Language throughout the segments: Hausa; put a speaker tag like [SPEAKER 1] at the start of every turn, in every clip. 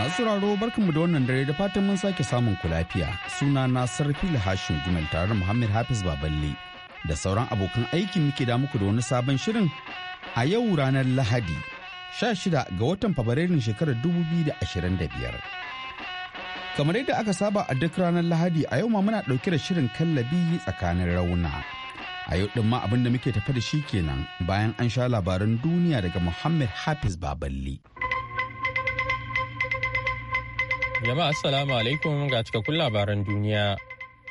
[SPEAKER 1] Masu sauraro barkanmu da wannan dare da fatan mun sake samun ku lafiya. Suna na sarfi Hashim Gumel tare da Muhammad Hafiz Baballe da sauran abokan aiki muke da muku da wani sabon shirin a yau ranar Lahadi 16 ga watan Fabrairu shekarar 2025. Kamar yadda aka saba a duk ranar Lahadi a yau ma muna ɗauke da shirin kallabi tsakanin rauna. A yau ɗin ma abin da muke tafi da shi kenan bayan an sha labaran duniya daga Muhammad Hafiz
[SPEAKER 2] Baballe. Jama'a Assalamu alaikum ga cikakkun labaran duniya.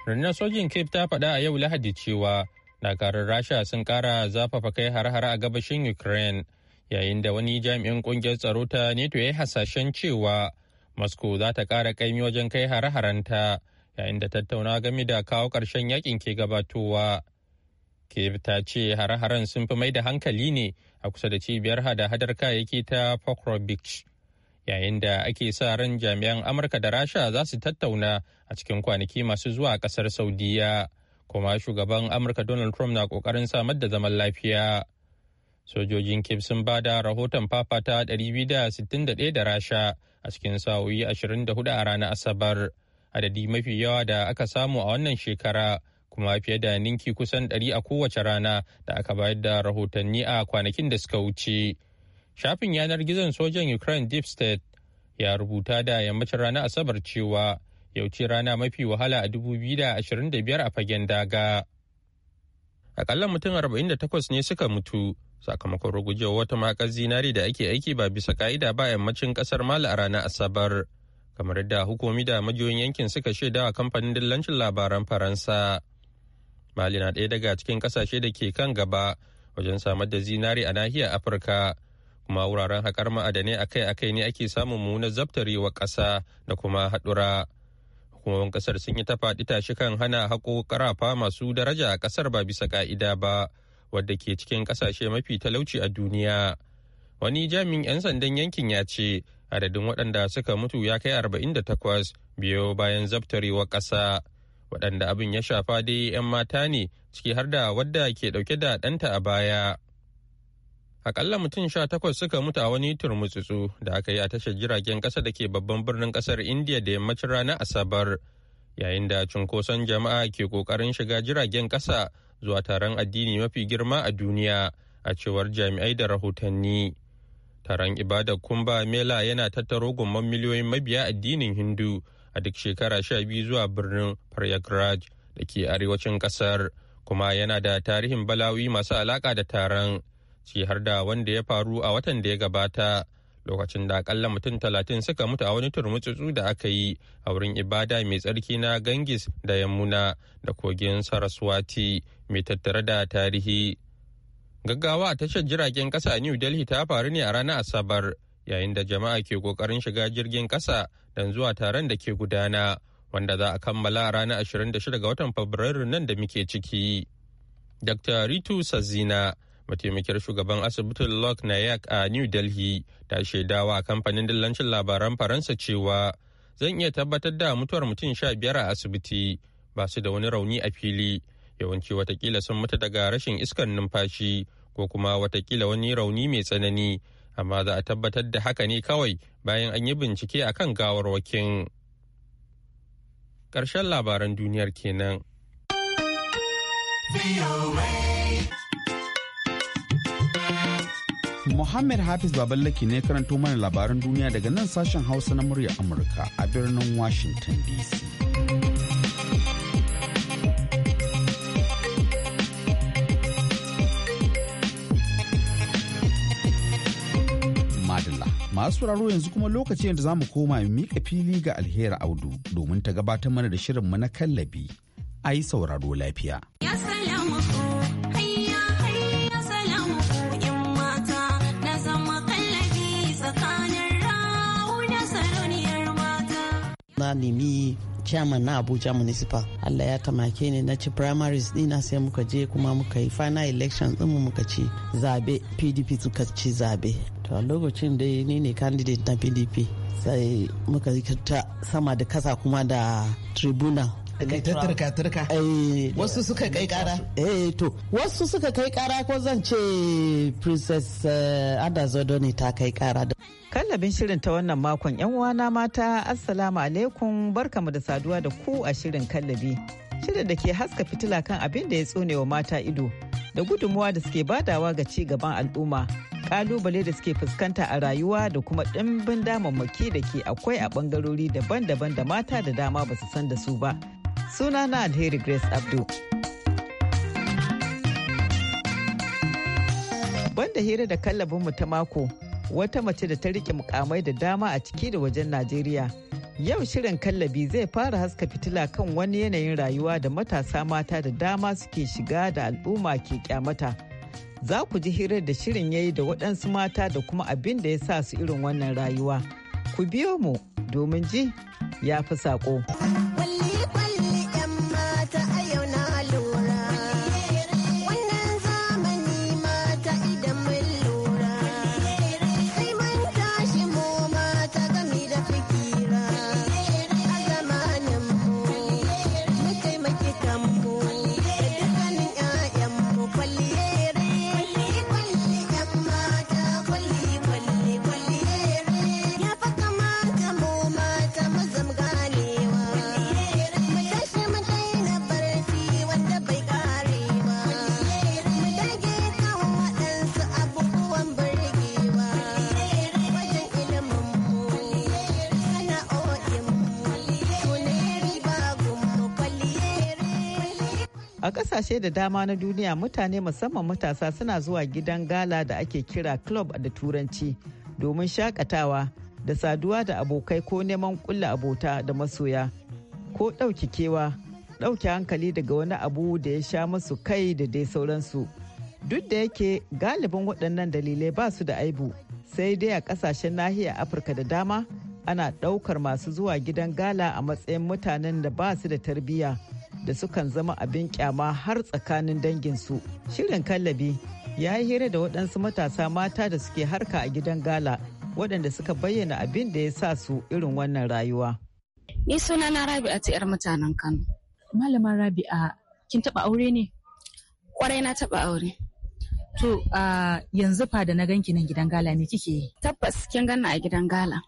[SPEAKER 2] Rundunar sojin Cape ta faɗa a yau Lahadi cewa dakarun Rasha sun ƙara zafafa kai har-har a gabashin Ukraine yayin da wani jami'in ƙungiyar tsaro ta NATO ya yi hasashen cewa Moscow za ta ƙara ƙaimi wajen kai har-haranta yayin da tattauna game da kawo ƙarshen yakin ke gabatowa. Cape ta ce har haren sun fi mai da hankali ne a kusa da cibiyar hada-hadar kayayyaki ta Pokrovich yayin da ake sa ran jami'an amurka da rasha za su tattauna a cikin kwanaki masu zuwa kasar saudiya kuma shugaban amurka donald trump na kokarin samar da zaman lafiya sojojin kif sun ba da rahoton fafata 261 da rasha a cikin sa'o'i 24 a ranar asabar adadi mafi yawa da aka samu a wannan shekara kuma fiye da ninki kusan 100 a kowace rana da aka bayar da rahotanni a kwanakin da suka wuce. Shafin yanar gizon sojan Ukraine Deep State ya rubuta da yammacin ranar Asabar cewa yauce rana mafi wahala a 2025 a fagen daga. Akalla mutum 48 ne suka mutu sakamakon rugujewa wata makar zinari da ake aiki ba bisa ka'ida ba yammacin kasar Mali a ranar Asabar. Kamar yadda hukumi da majiyoyin yankin suka shaida wa kamfanin dillancin labaran Faransa. Mali na ɗaya daga cikin ƙasashe da ke kan gaba wajen samar da zinari a nahiyar Afirka. kuma wuraren haƙar ma'adanai akai-akai ne ake samun munar zabtarewa ƙasa da kuma haɗura. Hukumomin ƙasar sun yi ta faɗi tashi kan hana haƙo ƙarafa masu daraja a ƙasar ba bisa ƙa'ida ba, wadda ke cikin ƙasashe mafi talauci a duniya. Wani jami'in 'yan sandan yankin ya ce adadin waɗanda suka mutu ya kai arba'in da takwas biyo bayan zabtarewa ƙasa. Waɗanda abin ya shafa dai 'yan mata ne ciki har da wadda ke ɗauke da ɗanta a baya. Akalla mutum sha takwas suka mutu a wani turmutsutsu da aka yi a tashar jiragen ƙasa da ke babban birnin ƙasar Indiya da yammacin ranar Asabar, yayin da cunkoson jama'a ke ƙoƙarin shiga jiragen ƙasa zuwa taron addini mafi girma a duniya, a cewar jami'ai da rahotanni. Taron ibada Kumba Mela yana tattaro gumman miliyoyin mabiya addinin Hindu a duk shekara sha biyu zuwa birnin Prayagraj da ke arewacin ƙasar, kuma yana da tarihin balawi masu alaƙa da taron. ciki har da wanda ya faru a watan da ya gabata lokacin da akalla mutum talatin suka mutu a wani turmutsutsu da aka yi a wurin ibada mai tsarki na gangis da yammuna da kogin saraswati mai tattare da tarihi gaggawa a tashar jiragen kasa a new delhi ta faru ne a ranar asabar yayin da jama'a ke kokarin shiga jirgin kasa don zuwa taron da ke gudana wanda za a kammala a ranar 26 ga watan fabrairu nan da muke ciki dr ritu sazina mataimakiyar shugaban asibitin lok nayak a new delhi ta shaidawa a kamfanin dillancin labaran faransa cewa zan iya tabbatar da mutuwar mutum sha biyar a asibiti ba su da wani rauni a fili yawanci watakila sun mutu daga rashin iskar numfashi ko kuma watakila wani rauni mai tsanani amma za a tabbatar da haka ne kawai bayan an yi bincike a kan gawarwakin ƙarshen labaran duniyar kenan.
[SPEAKER 1] Muhammad Hafiz baballaki ne karanto mana labaran duniya daga nan sashen Hausa na murya Amurka a birnin Washington DC. Madalla, masu sauraro yanzu kuma lokaci da za mu koma mika fili ga alhera audu domin ta gabatar mana da shirinmu na kallabi. A yi sauraro lafiya.
[SPEAKER 3] Ya
[SPEAKER 4] na nemi chairman na abuja municipal allah ya tamake ni na ci primaries dina sai muka je kuma muka yi final election din muka ci zabe pdp suka ci zabe to a lokacin dai ni ne candidate na pdp sai muka ta sama da kasa kuma da tribunal wasu suka
[SPEAKER 5] kai kara ko zan ce princess eh, adazodo ne ta kai kara da kallabin shirin ta wannan makon yan uwana mata assalamu alaikum barkamu da saduwa da ku a shirin kallabi shirin da ke haska fitila kan abin da ya tsone wa mata ido da gudunmuwa da suke badawa ga ci gaban al'umma kalubale da suke fuskanta a rayuwa da kuma ɗimbin damammaki da ke akwai a bangarori daban-daban da mata da dama ba su san da su ba suna na alheri grace abdu banda hira da kallabinmu ta mako wata mace da ta rike mukamai da dama a ciki da wajen najeriya yau shirin kallabi zai fara haska fitila kan wani yanayin rayuwa da matasa mata da dama suke shiga da al'umma ke kyamata za ku ji hirar da shirin ya yi da waɗansu mata da kuma abin da ya sa su irin wannan rayuwa ku biyo mu domin ji ya fi saƙo. kasashe da dama na duniya mutane musamman matasa suna zuwa gidan gala da ake kira club da turanci domin shakatawa da saduwa da abokai ko neman kulla abota da masoya ko ɗauki kewa ɗauke hankali daga wani abu da ya sha masu kai da dai sauransu duk da yake galibin waɗannan dalilai ba su da aibu sai dai a ƙasashen nahiyar afirka da dama ana ɗaukar masu zuwa gidan gala a matsayin mutanen da ba su da tarbiyya da sukan zama abin kyama har tsakanin danginsu. Shirin kallabi ya yi hira da waɗansu matasa mata da suke harka a gidan gala waɗanda suka bayyana abin da ya sa su irin wannan rayuwa. Ni suna na Rabi'a ta 'yar mutanen Kano.
[SPEAKER 3] Malaman Rabi'a, kin taɓa aure ne? Kwarai na taɓa aure. To, yanzu fa da na ganki nan gidan gala ne, kike yi? Tabbas kin ganna a gidan gala.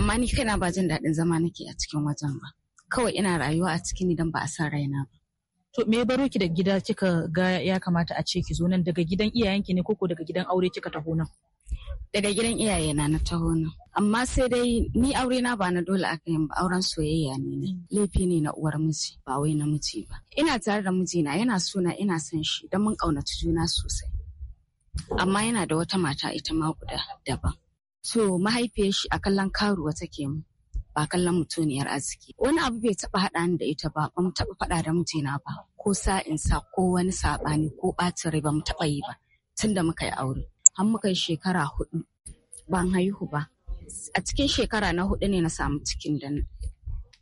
[SPEAKER 3] Amma ni kaina ba jin daɗin zama nake a cikin wajen ba. kawai ina rayuwa a cikin idan ba a san raina ba. To me baro ki da gida kika ga ya kamata a ce ki zo nan daga gidan iyayenki ne koko daga gidan aure kika taho nan? Daga gidan iyaye na na taho nan. Amma sai dai ni aure na ba na dole aka ba auren soyayya ne ne. Laifi ne na uwar miji ba wai na miji ba. Ina tare da mijina yana suna ina son shi don mun ƙaunaci juna sosai. Amma yana da wata mata ita ma guda daban. To mahaifiyar shi a kallon karuwa take mu. ba kallon mutuniyar arziki wani abu bai taba haɗa ni da ita ba ba mu taba faɗa da mijina ba ko sa'insa ko wani saɓani ko ɓacin rai ba mu taba yi ba tun da muka yi aure har muka yi shekara hudu ban haihu ba a cikin shekara na hudu ne na samu cikin da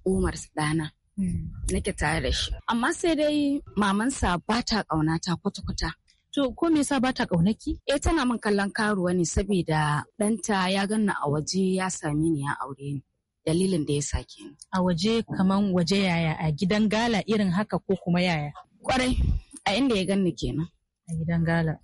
[SPEAKER 3] umar ɗana hmm. nake tare da shi amma sai dai mamansa ba ta ƙaunata kwata-kwata To ko me yasa ba bata kaunaki? Eh tana min kallon karuwa ne saboda ɗanta ya ganna a waje ya same ni ya aure ni. dalilin da ya sake a waje kaman waje yaya a gidan gala irin haka ko kuma yaya kwarai a inda ya ganni kenan a gidan gala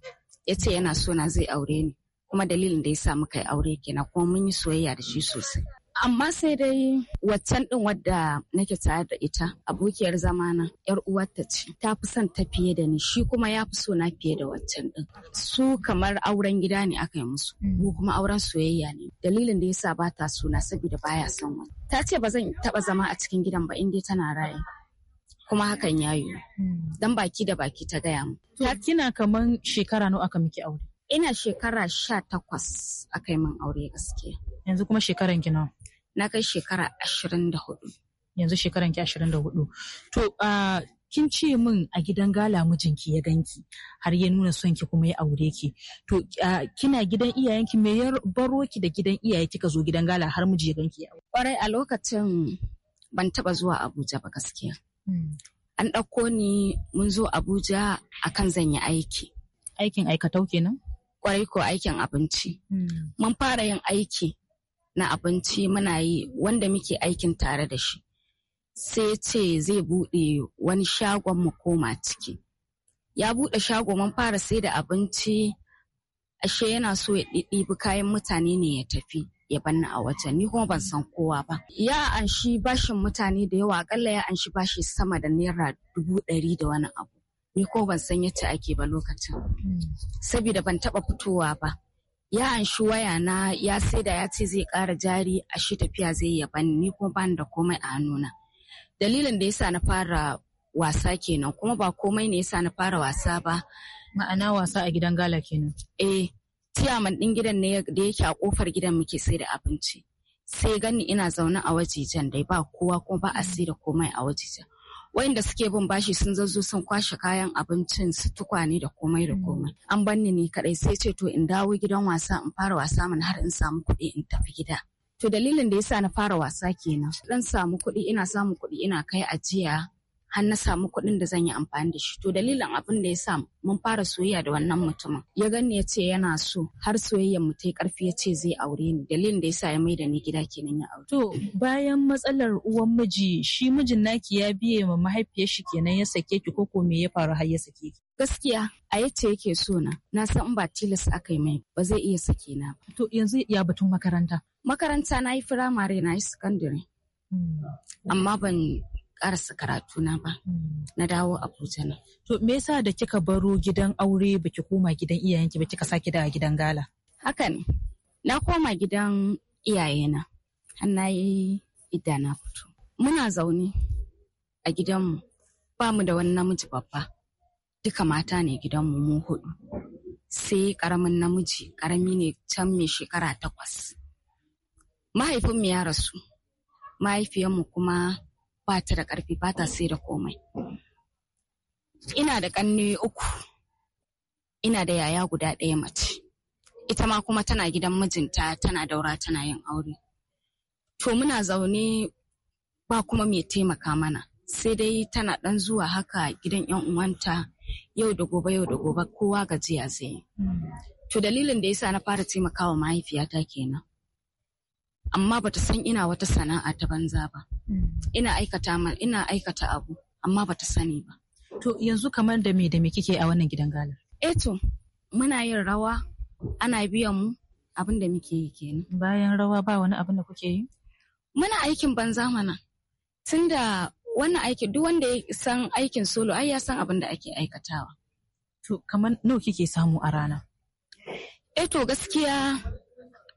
[SPEAKER 3] ya ce yana so na zai aure ni kuma dalilin da ya sa muka yi aure kenan kuma mun yi soyayya da shi sosai amma sai dai waccan din wadda nake tare da ita abokiyar zamana yar uwarta ce ta fi son ta fiye da ni shi kuma ya fi so na fiye da waccan din su kamar auren gida ne aka yi musu ko mm. kuma auren soyayya ne dalilin da yasa ba ta so na saboda baya son wani ta ce ba zan taba zama a cikin gidan ba inda tana raye kuma hakan ya yiwu mm. dan baki da baki ta gaya mu kina kaman shekara nawa aka miki aure ina shekara sha takwas aka yi min aure gaskiya Yanzu kuma shekaran ki nawa? Na kai shekara ashirin da hudu. Yanzu shekaran ki ashirin da hudu. To kin ce min a gidan gala mijinki ya ganki har ya nuna son ki kuma ya aure ki. To kina gidan iyayenki me ya baro ki da gidan iyaye kika zo gidan gala har miji ya ganki ya aure? Kwarai a lokacin ban taba zuwa Abuja ba gaskiya. Hmm. An ɗauko ni mun zo Abuja akan zan yi aiki. Aikin aikatau kenan? kwarai ko aikin abinci. Hmm. Mun fara yin aiki na abinci muna yi wanda muke aikin tare da shi sai ce zai buɗe wani shagon mu koma ciki ya buɗe shago mun fara sai da abinci ashe yana so ya ɗiɗɗibi kayan mutane ne ya tafi ya banna a watan ni kuma ban san kowa ba ya anshi bashin mutane da yawa akalla ya anshi bashi sama da naira dubu ɗari da wani abu ni kuma ban san yadda ake ba lokacin hmm. saboda ban taɓa fitowa ba ya anshi waya na ya da ya ce zai kara jari a shi tafiya zai ya bani ni kuma ban da komai a hannuna dalilin da yasa na fara wasa kenan kuma ba komai ne yasa na fara wasa ba ma'ana wasa a gidan gala kenan eh man din gidan ne da yake a kofar gidan muke sai da abinci sai gani ina zaune a wajijan dai ba kowa kuma ba a sai da komai a wajejen wayanda suke bin bashi sun zazzo sun kwashe kayan abincin su tukwane da komai da mm. komai an banni ni kadai sai ce to in dawo gidan wasa in fara wasa mun har in samu kuɗi in tafi gida to dalilin da yasa na fara wasa kenan dan samu kuɗi ina samu kuɗi ina kai ajiya har na samu kuɗin da zan yi amfani da shi to dalilin abin da ya sa mun fara soyayya da wannan mutumin ya gani ya ce yana so har soyayyan mu ta yi karfi ya ce zai aure ni dalilin da ya sa ya mai da ni gida kenan ya aure to bayan matsalar uwan miji shi mijin naki ya biye ma mahaifiyar shi kenan ya sake ki ko ko me ya faru har ya sake ki gaskiya a yace yake so na na san ba tilas aka yi mai ba zai iya sake na to yanzu ya batun makaranta makaranta na yi firamare na yi sakandare hmm. amma ban karasa karatu na ba hmm. na dawo Abuja na. To me yasa da kika baro gidan aure baki koma gidan iyayenki ba kika sake da gidan gala? Haka ne. Na koma gidan iyayena. Har na yi idda na fito. Muna zaune a gidanmu ba mu da wani namiji babba. Duka mata ne gidanmu mu hudu. Sai karamin namiji karami ne can mai shekara takwas. Mahaifinmu ya rasu. Mahaifiyarmu kuma ba ta da ƙarfi ba ta sai da komai. Ina da ƙanne uku, ina da yaya guda ɗaya mace. Ita ma kuma tana gidan mijinta tana daura tana yin aure. To muna zaune ba kuma mai taimaka mana, sai dai tana ɗan zuwa haka gidan 'yan uwanta yau da gobe yau da gobe kowa gajiya zai hmm. To dalilin da yasa na fara taimakawa mahaifiyata kenan. amma bata san ina wata sana'a ta banza ba mm. ina aikata ina aikata abu amma bata sani ba to yanzu kamar da me da me kike a wannan gidan galar eh to muna yin rawa ana biyan mu abin da muke yi kenan bayan rawa ba wani abin da kuke yi muna aikin banza mana tunda wannan aikin duk wanda ya san aikin solo ai ya san abin da ake aikatawa to kamar nawa kike samu a rana eh to gaskiya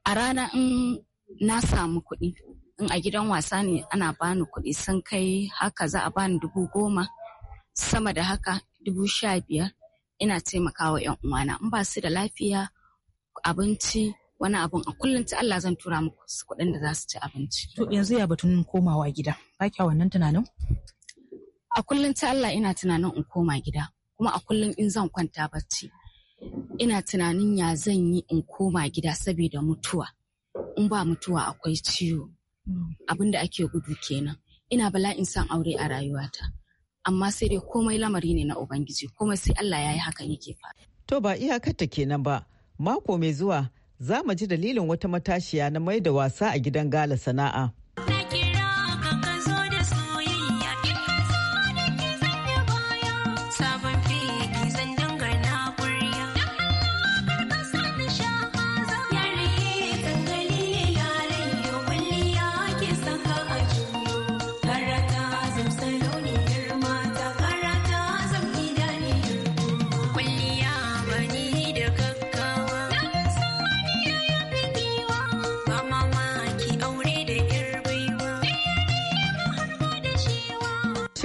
[SPEAKER 3] a rana in na samu kuɗi in a gidan wasa ne ana bani kuɗi sun kai haka za a bani dubu goma sama da haka dubu sha biyar ina taimakawa yan uwana in ba su da lafiya abinci wani abun a kullum ta Allah zan tura muku kuɗin da za su ci abinci. To yanzu ya batun komawa gida ba kya wannan tunanin? A kullum ta Allah ina tunanin in koma gida kuma a kullum in zan kwanta bacci ina tunanin ya zan yi in koma gida saboda mutuwa. in ba mutuwa akwai ciwo abin da ake gudu kenan ina bala in san aure a rayuwata amma sai dai komai lamari ne na ubangiji komai sai Allah ya yi haka yake fa
[SPEAKER 5] to ba iyakarta kenan ba mako mai zuwa za mu ji dalilin wata matashiya na mai da wasa a gidan gala sana'a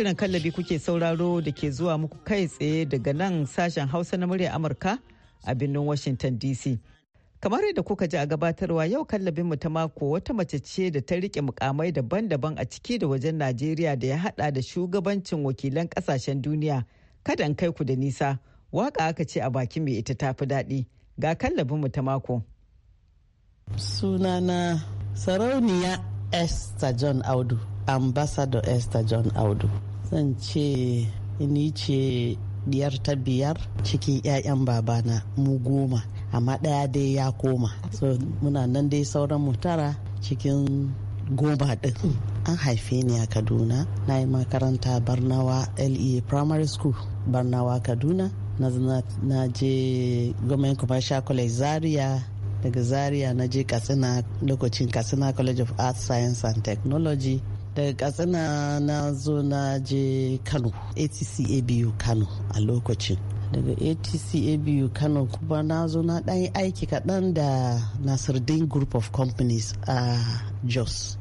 [SPEAKER 5] shirin kallabi kuke sauraro da ke zuwa muku kai tsaye daga nan sashen Hausa na murya Amurka a birnin Washington DC. Kamar yadda kuka ji a gabatarwa yau kallabin mu ta mako wata mace ce da ta rike mukamai daban-daban a ciki da wajen Najeriya da ya hada da shugabancin wakilan kasashen duniya. Kada in kai ku da nisa, waka aka ce a bakin mai ita tafi daɗi. Ga kallabin mu ta mako.
[SPEAKER 4] Sunana Sarauniya Esther John Audu. ambassador esther john audu zan ce ni ce diyar ta biyar cikin 'ya'yan babana mu goma amma ɗaya dai ya koma so muna nan dai sauran mu tara cikin goma ɗin an haife ni a kaduna na yi makaranta barnawa lea primary school barnawa kaduna na je government commercial college zaria daga zaria na je katsina lokacin katsina college of arts science and technology daga katsina na zo na je kano atc abu kano a lokacin daga atc abu kano kuma na zo na ɗan aiki kaɗan da nasirdin group of companies a jos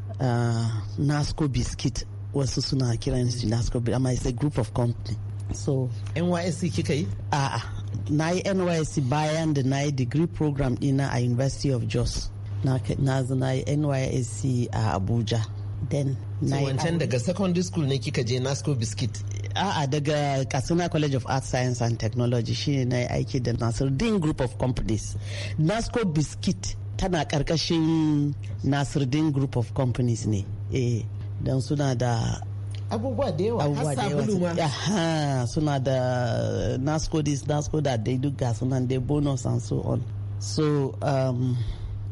[SPEAKER 4] nasco biscuit wasu suna kiran su nasco amma it's a group of company so nysc kika yi a'a na yi nysc bayan da na yi degree program ɗina a university of jos na na yi nysc a abuja then yi wancan
[SPEAKER 5] daga secondary school
[SPEAKER 4] ne kika je nasco biscuit a'a daga katsina college of arts science and technology ne na aiki da nasiruddin group of companies nasco biscuit tana karkashin nasiruddin group of companies ne eh don suna da abubuwa da yawa abubuwa da yawa suna da nasco this nasco that dai duk ga sunan dai bonus and so on so um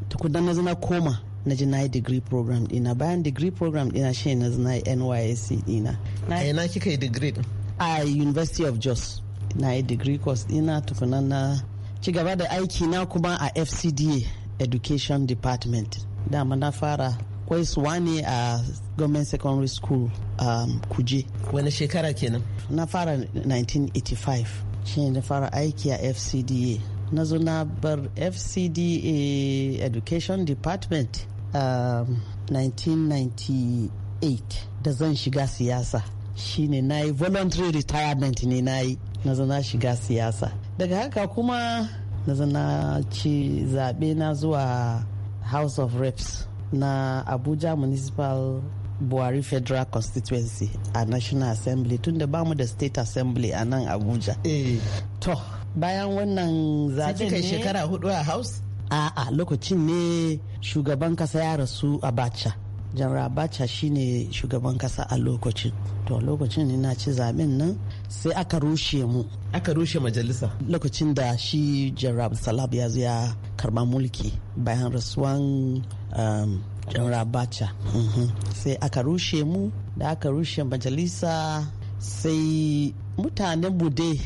[SPEAKER 4] tukunan na zina koma na ji na yi degree program dina bayan degree program dina shi na na nysc dina a na kika yi degree a university of jos na yi degree course dina tukunan na ci gaba da aiki na kuma a fcda education department dama na fara kwaisuwa ne a government secondary school a um, kuje wani shekara kenan na fara 1985 shi na fara aiki a fcda na zo na bar fcda education department 1998 um, da zan shiga siyasa shine na yi voluntary retirement ne na yi na zana shiga siyasa daga haka kuma na zana ci zaɓe na zuwa house of reps na abuja municipal buhari federal constituency a national assembly tun da bamu da state assembly a nan abuja eh. to bayan wannan zaɓe ne shekara hudu a house a'a lokacin ne shugaban kasa ya rasu abacha jamra abacha shine shugaban kasa a lokacin to lokacin ne na ci zaben nan sai aka rushe mu aka rushe majalisa lokacin da shi jamra salab ya zo ya karba mulki bayan rasuwan um, jamra abacha mhm. sai aka rushe mu da aka rushe majalisa sai mutanen bude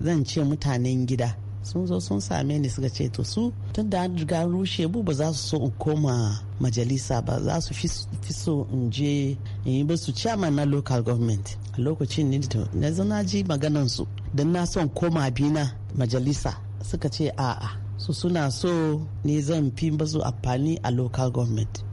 [SPEAKER 4] zan ce mutanen gida sun zo sun same ni suka ce to su tun da an riga rushe bu ba za su so in koma majalisa ba za su fi so in je in yi basu chairman na local government a lokacin ni da na zana ji maganan su don na son koma bina majalisa suka ce a'a su suna so ne zan fi basu amfani a local government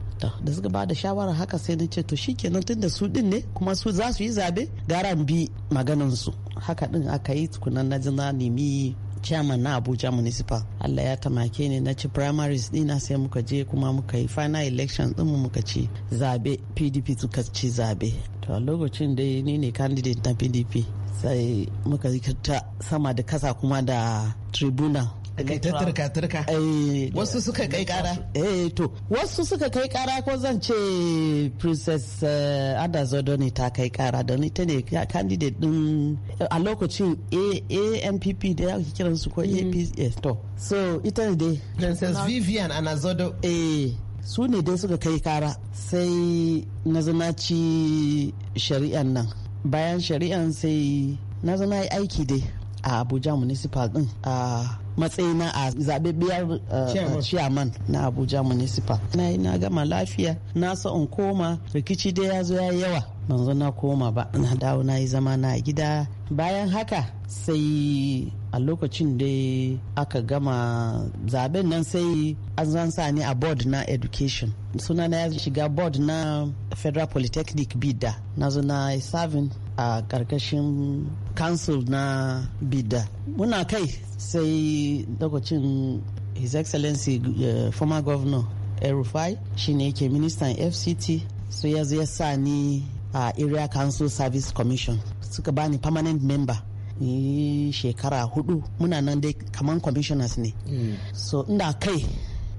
[SPEAKER 4] da suka ba da shawara haka sai na ce to shikenan tun da su din ne kuma su za su yi zabe gara bi maganan su haka din aka yi tukunan na jina nemi chairman na abuja municipal allah ya tamake ni na ci primaries dina sai muka je kuma muka yi final election din muka ci zabe pdp suka ci zabe to a lokacin dai ni ne candidate na pdp sai muka yi ta sama da kasa kuma da tribunal turka turka wasu suka kai kara eh to wasu suka kai kara ko zan ce princess eh, adazodo ne ta kai kara don ita ne candidate din a lokacin ampp da ya kiran su ko mm. aps to so ita ne dai princess vivian anazodo eh su ne dai suka kai kara sai na zama ci shari'an nan bayan shari'an sai na zama aiki dai a abuja municipal din a matsayina a zaɓaɓɓiyar uh, chairman na abuja municipal na yi na gama lafiya na so in koma rikici dai ya zo ya yawa ban zo na koma ba na dawo na yi zama na gida bayan haka sai a lokacin dai aka gama zaben nan sai an sa ni a board na education suna na ya shiga board na federal polytechnic bida na na serving a karkashin council na bida muna kai sai lokacin his excellency uh, former governor erufai shine yake ministan fct Su ya ya sa ni a uh, area council service commission suka bani permanent member shekara hudu muna nan dai kamar commissioners ne mm. so inda kai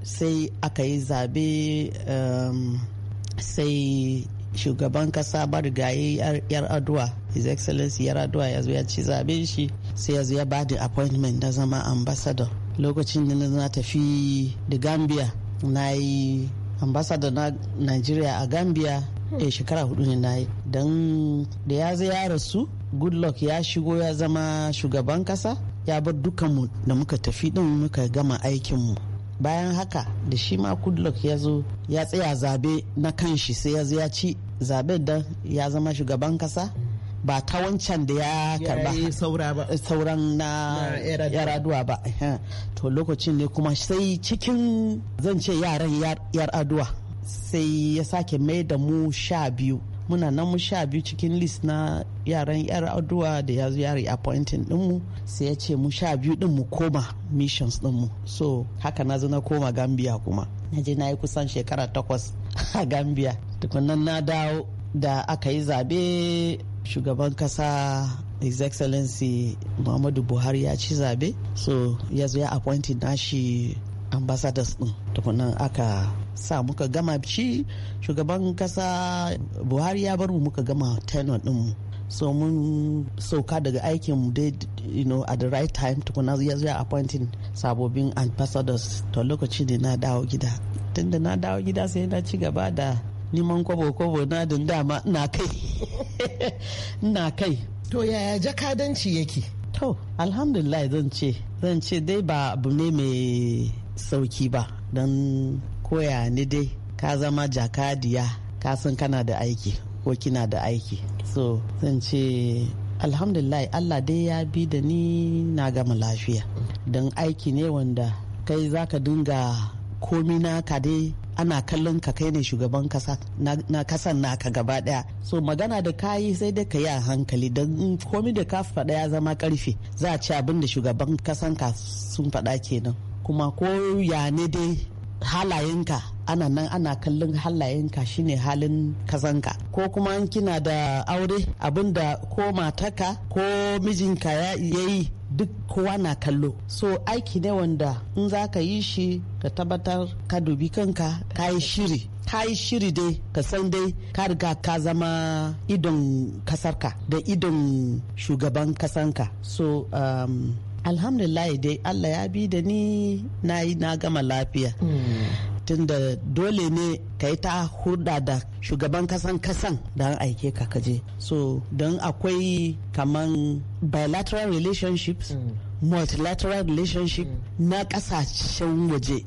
[SPEAKER 4] sai aka yi zabe um, sai shugaban kasa gaye yar adua his excellency yar adua ya zo ci zabe shi sai ya zo ya bada appointment na zama ambassador lokacin da na tafi da gambia na yi ambassador na nigeria a gambia a eh, shekara hudu ne na yi don da ya zai ya rasu goodluck ya shigo ya zama shugaban kasa ya bar dukanmu da muka tafi din muka gama aikinmu bayan haka da shi ma goodluck ya zo ya tsaya zabe na kanshi sai ya zo ya ci zabe da ya zama shugaban kasa ba ta wancan da ya karba eh, sauran na yaraduwa ba eh. to lokacin ne kuma sai cikin zan ce yaran yaraduwa sai ya sake mai da mu sha biyu muna nan mu sha biyu cikin list na yaran yar addu'a da ya zo ya dinmu sai ya ce mu sha biyu din mu koma missions dinmu so haka na zo na koma gambia kuma na je na yi kusan shekara takwas a gambia tukunan na dawo da aka yi zabe shugaban kasa his excellency muhammadu buhari ya ci zabe so ya zo ya appointing nashi ambassadors din tukunan aka sa muka gama shi shugaban kasa buhari ya bar mu muka gama tenor din so mun sauka daga aikin dai you know at the right time tukuna ya zuwa appointing sabobin ambassadors to lokaci ne na dawo gida tunda na dawo gida sai na ci gaba da neman kwabo-kwabo na din dama na kai na kai to yaya jakadanci yake to alhamdulillah zan ce zan ce dai ba abu ne mai sauki ba don koya ni dai ka zama jakadiya ka san kana da aiki ko kina da aiki so zan ce alhamdulillah allah dai ya bi da ni na gama lafiya don aiki ne wanda kai za ka dinga komi naka dai ana kallon ka kai ne shugaban kasa na kasan naka gaba daya so magana da kayi sai dai ka yi a hankali don komi da ka faɗa ya zama karfe za a ci abin da shugaban kasan ka sun faɗa kenan kuma ko ya ne dai halayenka ana nan ana kallon halayenka shine halin kazanka ko kuma kina da aure abinda ko mataka ko mijinka ya yi duk kowa na kallo so aiki ne wanda in za ka yi shi ka tabbatar ka dubi kanka ka yi shiri ka yi shiri dai ka san dai ka riga ka zama idon kasarka da idon shugaban kasanka so um, alhamdulillah dai allah ya bi da ni na yi na gama lafiya
[SPEAKER 3] hmm.
[SPEAKER 4] tunda dole ne ka yi ta hurda da shugaban kasan kasan don aike ka kaje so don akwai kaman bilateral relationships hmm. multilateral relationship hmm. na kasashen waje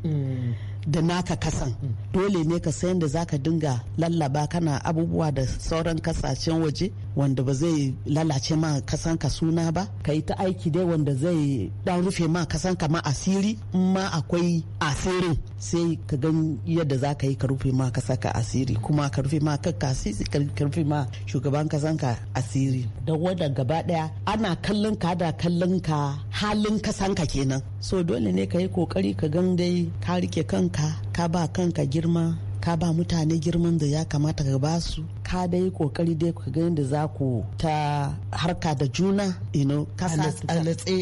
[SPEAKER 4] da naka kasan dole ne ka sayan da zaka dinga lallaba kana abubuwa da sauran kasashen waje wanda ba zai lalace ma kasanka suna ba ka yi ta aiki dai wanda zai dan rufe ma kasanka ma asiri ma akwai asiri. sai ka gan yadda za ka yi ka rufe ma ka asiri kuma ka rufe ma kakka asiri ka rufe ma shugaban kasanka asiri Da wadda gaba daya ana kallon ka da kallon ka halin kasanka kenan so dole ne ka yi kokari ka gan dai ka rike kanka ka ba kanka girma ka ba mutane girman da ya kamata ka ba su ka yi kokari dai ka gani da za ku ta harka da juna you know kasa a natse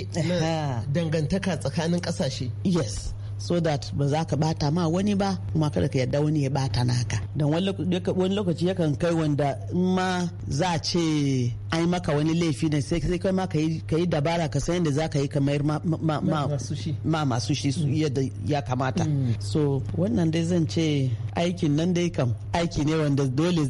[SPEAKER 4] dangantaka tsakanin kasashe yes so that ba za ka bata ma wani ba kuma kada ka yadda wani ya bata naka don wani lokaci yakan kai wanda in ma za a ce ai maka wani laifi ne sai sai kai ma ka yi dabara ka san yadda za ka yi kamar ma masu shi su yadda ya kamata mm. so wannan dai zan ce aikin nan dai kam aiki ne wanda dole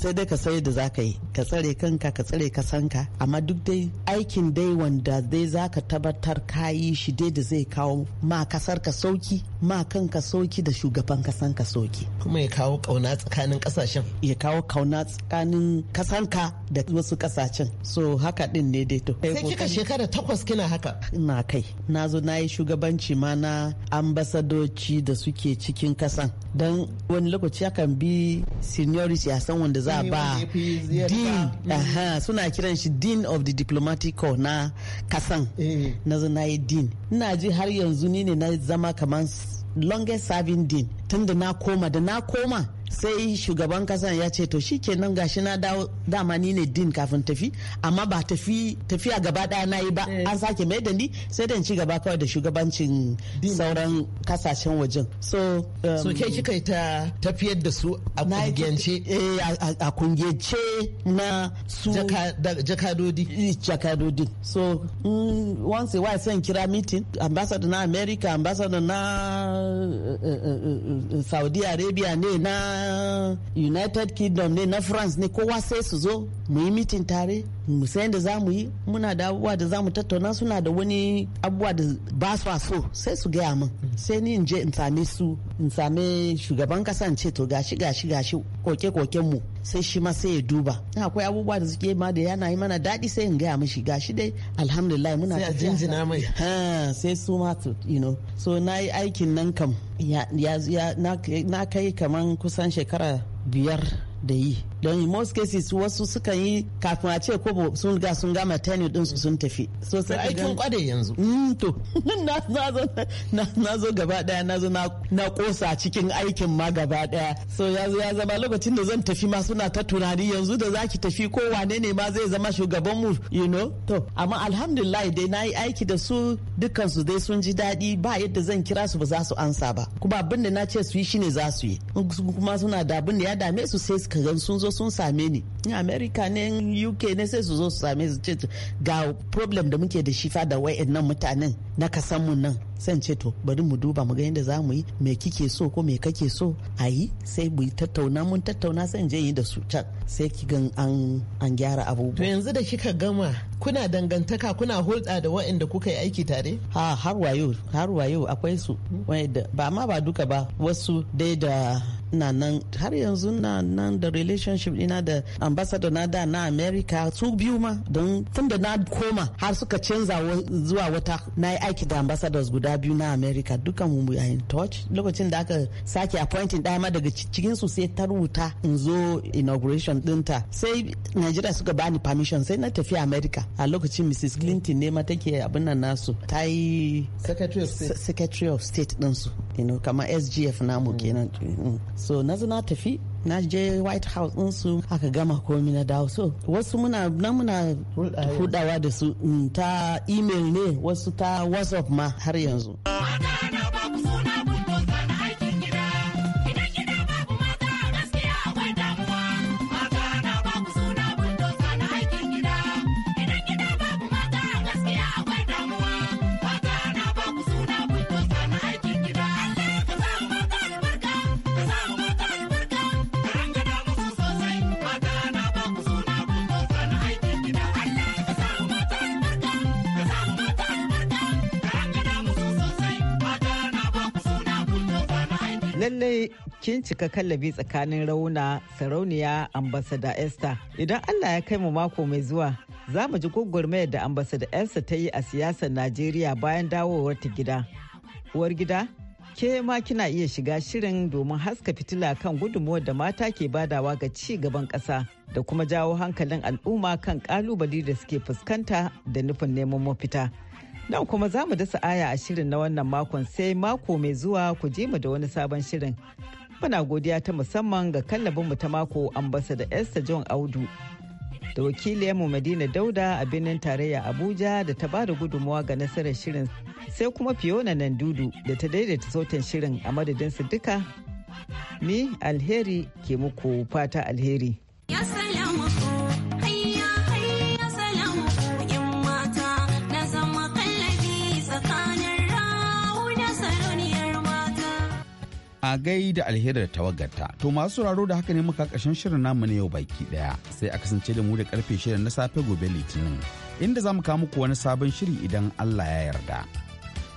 [SPEAKER 4] sai dai ka sai da zaka yi ka tsare kanka ka tsare kasanka amma duk dai aikin dai wanda dai zaka tabbatar ka yi shi dai da zai kawo ma kasar ka sauki ma kanka sauki da shugaban kasan ka sauki kuma ya kawo kauna tsakanin kasashen ya kawo kauna tsakanin kasanka da wasu kasashen so haka din ne dai to sai kika shekara takwas kina haka ina kai na zo na yi shugabanci ma na ambasadoci da suke cikin kasan don wani lokaci akan bi seniority a san wanda kaza ba din mm. suna kiran shi dean of the diplomatic corps na kasan eh. na na yi din ina ji har yanzu ni ne na zama kamar longest serving din tun da na koma da na koma sai shugaban kasan ya ce to shikenan gashi na dama ni ne din kafin tafi amma ba tafi tafiya gaba daya na yi ba eh. an sake mai da ni sai da ci gaba kawai da shugabancin sauran kasashen wajen so um, so ke kika ta tafiyar da su a kungiyance eh, a kungiyance na su jakadodi eh, jakadodi so mm, once a while sai kira meeting ambassador na america ambassador na saudi arabia ne na na united kingdom ne na france ne kowa sai su zo mu yi mitin tare mu sayan da za mu yi muna da abubuwa da za mu tattauna suna da wani abubuwa da ba su so sai su gaya min sai ni in je in same su in same shugaban kasa in ce to gashi gashi gashi koke koken mu sai shi ma sai ya duba akwai abubuwa da suke ma da yana yi mana daɗi sai in gaya mishi gashi dai alhamdulillah muna sai a jinjina mai sai su ma you know so na yi aikin nan kam na kai kaman kusan shekara biyar da yi don in most cases wasu suka yi kafin a ce ko sun riga sun gama tani din su sun tafi so sai aikin kwade yanzu mm, to na zo gaba daya na zo na kosa cikin aikin ma gaba daya so ya ya zama lokacin da zan tafi ma suna ta tunani yanzu da zaki tafi ko wane ne ma zai zama shugaban mu you know to amma alhamdulillah dai na yi aiki da su dukkan su dai sun ji daɗi ba yadda zan kira su ba za su ansa ba kuma abin da na ce su yi shine za su yi kuma suna da abin da ya dame su sai suka gan sun zo sun same ni in america ne uk ne sai su zo su same su ce ga problem da muke da shifa fa da nan mutanen na kasan mu nan san ce to bari mu duba mu ga yadda za mu yi me kike so ko me kake so a yi sai mu tattauna mun tattauna san je yi da su can sai ki gan an an gyara abubuwa to yanzu da kika gama kuna dangantaka kuna hulɗa da waɗanda kuka yi aiki tare ha har wayo har wayo akwai su ba ma ba duka ba wasu dai da Na nan har yanzu na nan da relationship ina da ambassador na da na america su biyu ma don tun da na koma har suka canza zuwa wata na yi aiki da ambassadors guda biyu na america dukan mu in touch lokacin da aka sake appointing daya ma daga cikin su sai ta rubuta in zo inauguration dinta sai nigeria suka bani permission sai na tafi america a lokacin mrs clinton ne ma take abin nan nasu ta yi secretary of state din su kamar sgf namu mm. kenan mm. so na na tafi na je white house su aka gama komi na dawo so wasu muna na muna hudawa da su mm, ta email ne wasu ta whatsapp ma har yanzu.
[SPEAKER 5] kin cika kallabi tsakanin rauna sarauniya ambasada esther idan allah ya kai mu mako mai zuwa za mu ji gwagwarmayar da ambasada esther ta yi a siyasar najeriya bayan dawowar ta gida uwar gida ke ma kina iya shiga shirin domin haska fitila kan gudunmuwar da mata ke badawa ga ci gaban ƙasa da kuma jawo hankalin al'umma kan kalubale da suke fuskanta da nufin neman mafita. Nan kuma za mu dasa aya a shirin na wannan makon sai mako mai zuwa ku je mu da wani sabon shirin. Muna godiya ta musamman ga kallabinmu ta mako ambasada Esther John Audu da wakiliyarmu Madina Dauda a birnin tarayya Abuja da ta ba da gudunmawa ga nasarar shirin sai kuma Fiona dudu da ta daidaita sautin shirin a madadin su duka. Ni alheri ke muku fata alheri.
[SPEAKER 1] a gai da alherar tawagarta. To masu sauraro da haka ne muka ƙarshen shirin namu na yau baki ɗaya sai a kasance da mu da karfe shirin na safe gobe litinin inda za mu kawo muku wani sabon shiri idan Allah ya yarda.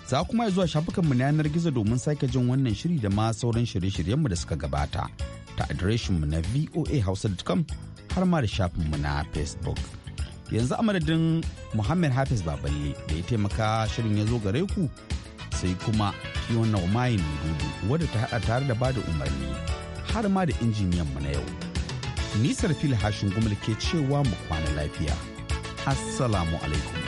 [SPEAKER 1] Za kuma zuwa shafukanmu na yanar gizo domin sake jin wannan shiri da ma sauran shirye-shiryenmu da suka gabata ta adireshinmu na voahausa.com har ma da shafinmu na Facebook. Yanzu a madadin Muhammad Hafiz Baballe da ya taimaka shirin ya zo gare ku sai kuma Fiona Omayin Dudu wadda ta haɗa tare da bada umarni har ma da injiniyan mu na yau. Nisar fil hashin gumal ke cewa mu kwana lafiya. Assalamu alaikum.